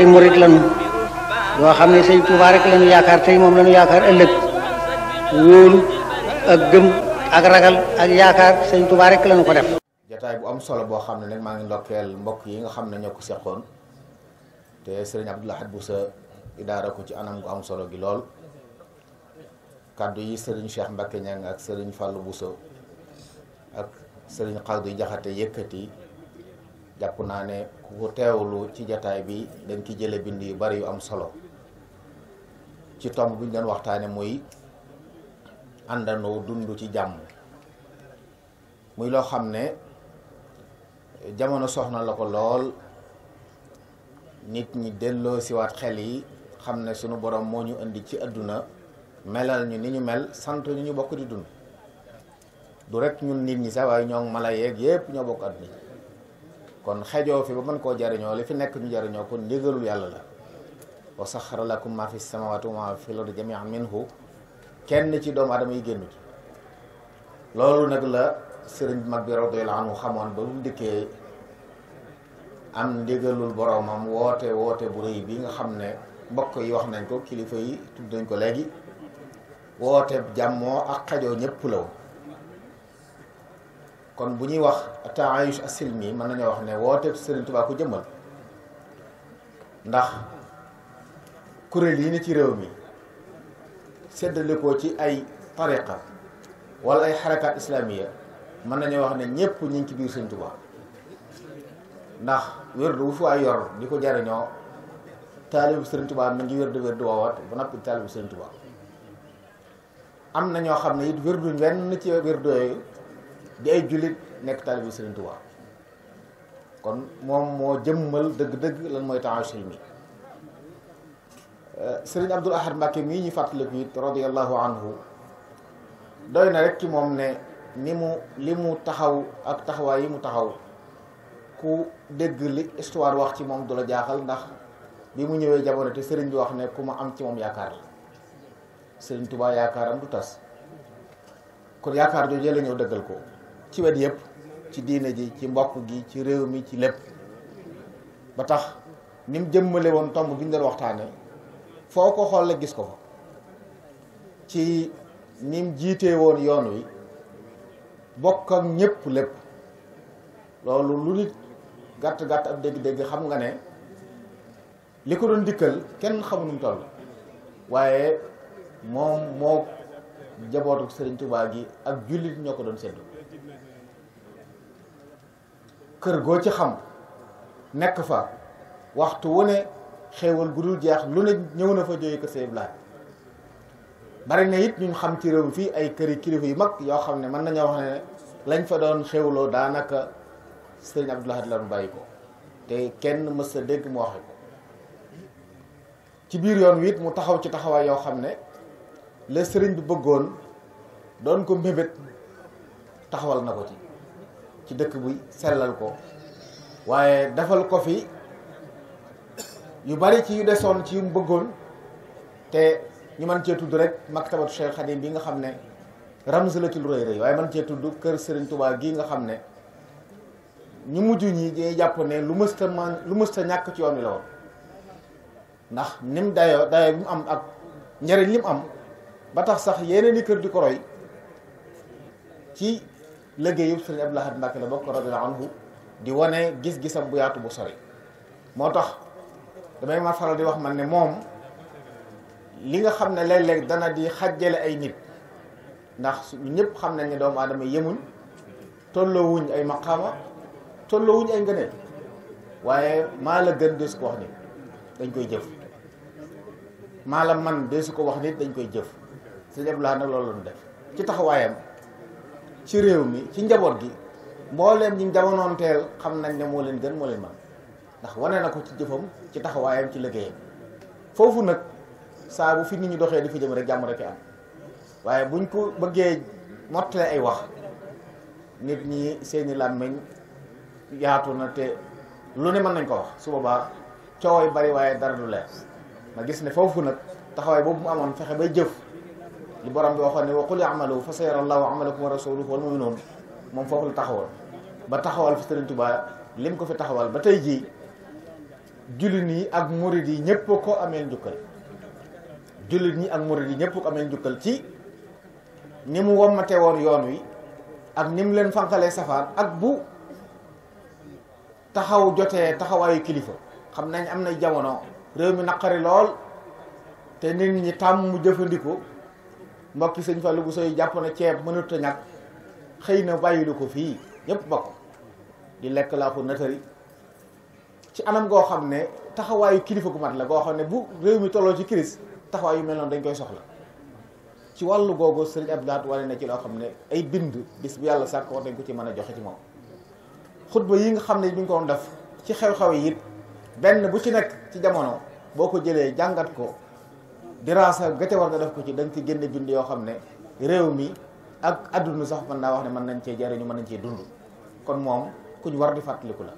ay murit lañu xam ne sëñ Tuubaa rek lañu yaakaar moom lañu yaakaar ëllëg wóolu ak gëm ak ak yaakaar sëñ Tuubaa rek lañu ko def. jataay bu am solo boo xam ne nag maa ngi ndokkeel mbokk yi nga xam ne ñoo ko seqoon te sëriñ Abdou Lahad Bousso idaara ko ci anam gu am solo gi lool kaddu yi sëriñ Cheikh Mbacke Niang ak sëriñ Fallou Bousso ak sëriñ Xawdi Jaxate yëkkati jàpp naa ne. ku teewlu ci jataay bi dañ ci jële bind yu bari yu am solo ci tomb bi ñu doon waxtaane muy àndandoo dund ci jàmm muy loo xam ne jamono soxna la ko lool nit ñi delloo siwaat xel yi xam ne sunu borom moo ñu indi ci àdduna melal ñu ni ñu mel sant ñu ñu bokk di dund du rek ñun nit ñi sax waaye ñoo mala yeeg yépp ñoo bokk àdduna kon xejoo fi ba mën koo jariñoo li fi nekk ñu jariñoo ko ndigalul yàlla la wa saxara lakum ma fi samawati wa ma fi l-ardi jamian minhu kenn ci doomu adama yi génn ci loolu nag la sëriñ mag bi radiyallahu anhu xamoon dikkee am ndigalul boromam woote woote bu réy bi nga xam ne mbokk yi wax nañ ko kilifa yi tudd nañ ko léegi woote jàmmoo ak xajoo ñëpp law kon bu ñuy wax taayush asilmi mën nañoo wax ne woote Serigne Touba ko jëmmal ndax kuréel yi ni ci réew mi séddale ko ci ay tariqa wala ay xarakaat islamiya mën nañoo wax ne ñëpp ñu ngi ci biir Serigne Touba ndax wérdu wu fi waay yor di ko jariñoo taalibu Serigne Touba mi ngi wérdu wérdu woowaat ba noppi taalibu Serigne Touba am na ñoo xam ne it wérduñ wenn ci wérdu yooyu di ay jullit nekk taalibu Serigne Touba kon moom moo jëmmal dëgg-dëgg lan mooy temps mi euh, Serigne Abdoul Ahad Mbacké mii ñu fàttaliku it radiyallahu anhu doy na rek ci moom ne ni mu li mu taxaw ak taxawaay yi mu taxaw ku dégg li histoire wax ci moom du la jaaxal ndax bi mu ñëwee jamono te sëriñ bi wax ne ku ma am ci moom yaakaar la Serigne Touba yaakaaram du tas kon yaakaar jooju la ñëw dëggal ko. ci wet yëpp ci diine ji ci mbokk gi ci réew mi ci lépp ba tax ni jëmmale woon tomb bi ñu doon waxtaane foo ko xool gis ko fa ci ni jiite woon yoon wi bokk ñépp lépp loolu lu nit gàtt-gàtt ab dégg-dégg xam nga ne li ko doon dikkal kenn xamu nu mu toll waaye moom moo jabootu Sëriñ Tuubaa gi ak jullit ñoo ko doon seddu kër goo ci xam nekk fa waxtu wu ne xéewal bu dul jeex lu ne ñëw na fa jógee kër Sëñ Abdoulaye bari na it ñun xam ci réew mi fii ay këri kilifa yu mag yoo xam ne mën nañoo wax ne lañ fa doon xéewloo daanaka Sëñ Abdoul Ahad la doon bàyyi ko te kenn mës dégg mu waxe ko ci biir yoon wi it mu taxaw ci taxawaay yoo xam ne la sëriñ bi bëggoon doon ko mbébét taxawal na ko ci ci dëkk bi sellal ko waaye defal ko fi yu bari ci yu desoon ci yu mu bëggoon te ñu man cee tudd rek maktabatu Cheikh Khadim bi nga xam ne ramz la ci lu rëy rëy waaye mën cee tudd kër sëriñ Touba gii nga xam ne ñu mujj ñi dañuy jàpp ne lu mësta man lu mësta ñàkk ci yoon yi la woon ndax nim dayo dayo bi mu am ak njariñ li mu am ba tax sax yeneen i kër di koroy ci liggéeyu sëriñ Abdou Lahad Mbacké la bokk radiyallahu anhu di wane gis-gisam bu yaatu bu sori moo tax damay ma faral di wax man ne moom li nga xam ne léeg-léeg dana di xajale ay nit ndax ñu ñëpp xam nañ ne doomu aadama yemuñ tolloowuñ ay maqaama tolloowuñ ay ngëneel waaye maa la gën deesu ko wax nit dañ koy jëf maa la man deesu ko wax nit dañ koy jëf sëriñ Abdou Lahad nag loolu la def ci taxawaayam ci réew mi ci njaboot gi mbooleem ñi jamonoon xam nañ ne moo leen gën moo leen man ndax wane na ko ci jëfam ci taxawaayam ci liggéeyam foofu nag saa bu fi nit ñi doxee di fi jëm rek jàmm rek am waaye buñ ko bëggee mottale ay wax nit ñi seeni làmmiñ yaatu na te lu ne mën nañ ko wax su boobaa coow yi bari waaye dara du leer ma gis ne foofu nag taxawaay boobu mu amoon fexe bay jëf li borom bi waxoon ne wa qul i'malu fa sayara Allahu amalakum wa rasuluhu wal mu'minun moom foo la taxawoon ba taxawal fi Sëriñ Tuubaa lim ko fi taxawal ba tey jii jullit ñi ak murid yi ñëpp ko amee njukkal jullit ñi ak murid yi ñëpp ko amee njukkal ci ni mu wommate woon yoon wi ak ni mu leen fanqalee safaan ak bu taxaw jotee taxawaayu kilifa xam nañ am na jamono réew mi naqari lool te nit ñi tàmm mu jëfandikoo mbokki sëñ Fallou bu sooy jàpp ceeb mënut a ñàkk xëy na bàyyilu ko fii ñëpp bokk di lekk laa ko natari ci anam goo xam ne taxawaayu kilifa gu mat la goo xam ne bu réew mi tolloo ci crise taxawaay yu mel noonu dañ koy soxla ci wàllu googu sëriñ Abdou Lahad wane na ci loo xam ne ay bind bis bu yàlla sàkk war nañ ko ci mën a joxe ci moom xutba yi nga xam ne ñu ngi ko doon def ci xew-xew yi it benn bu ci nekk ci jamono boo ko jëlee jàngat ko dirasa gate war nga def ko ci da nga ci génne bind yoo xam ne réew mi ak adduna sax mën naa wax ne mën nañ cee ñu mën nañ cee dund kon moom ku ñu war di fàttaliku la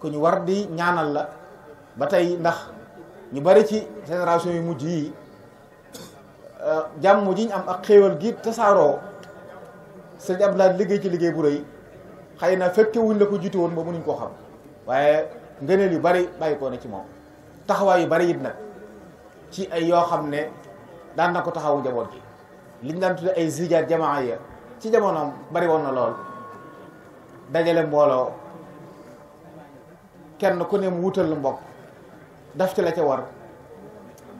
ku ñu war di ñaanal la ba tey ndax ñu bari ci génération yu mujj yi euh, jàmm ji ñu am ak xéewal gi tasaaroo sëñ Abdoulaye liggéey ci liggéey bu rëy xëy na fekkewuñ wuñ la ko jiitu woon ba mënuñ koo xam waaye ngëneel yu bari bàyyi koo ne ci moom taxawaay yu bari yit nag ci ay yoo xam ne daan na ko taxawu njaboot gi liñ daan tudde ay zijaat jamaa ya ci jamonoom bariwoon woon na lool dajale mbooloo kenn ku ne mu wutal lu mbokk daf ci la ca war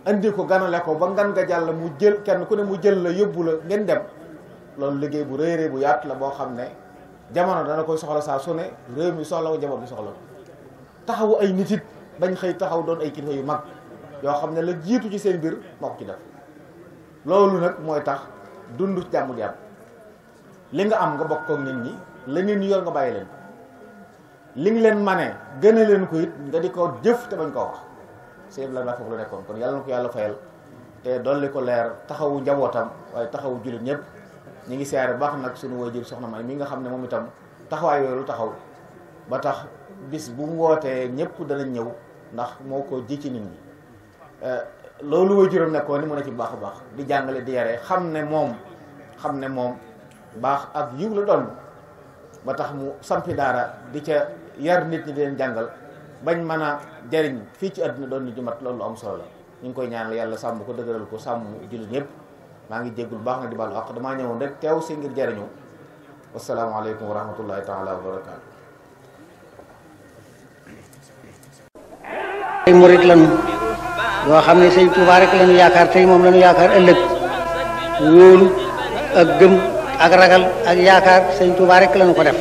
indi ko ganale ko ba ngan nga jàll mu jël kenn ku ne mu jël la yóbbu la ngeen dem loolu liggéey bu réeree bu yaatu la boo xam ne jamono dana koy soxla saa su ne réew mi soxla ko jamono bi soxla ko taxawu ay nit bañ xëy taxaw doon ay kilifa yu mag yoo xam ne la jiitu ci seen mbir moo ko ci def loolu nag mooy tax dund jàmm di li nga am nga bokk ak nit ñi la ngeen yor nga bàyyi leen li nga leen manee gën a leen ko it nga di ko jëf te bañ koo wax sëñ la foofu la nekkoon kon yàlla na ko yàlla fayal te dolli ko leer taxawu njabootam waaye taxawu jullit ñëpp ñu ngi siyaare baax nag suñu waajur soxna May mi nga xam ne moom itam taxawaay yooyu lu taxaw ba tax bis bu mu wootee ñëpp danañ ñëw ndax moo ko ji ci nit ñi Euh, loolu waajuram nekkoon ni mu ne ci baax a baax di jàngale di yare xam ne moom xam ne moom baax ak yiw la doon ba tax mu sampi daara di ca yar nit ñi di jàngal bañ mën a jariñ fii ci àdduna doon ni ju mat loolu am solo la ñu ngi koy ñaan yàlla sàmm ko dëgëral ko sàmm jullit ñëpp maa ngi jéggul baax na di baalu àq damaa ñëwoon rek teew si ngir jariñu wasalaamaaleykum wa rahmatullahi taala wa barakaatu ay yoo xam ne sëñ Tuubaa rek lañu yaakaar tey moom lañu yaakaar ëllëg wóolu ak gëm ak ragal ak yaakaar sëñ Tuubaa rek lañu ko def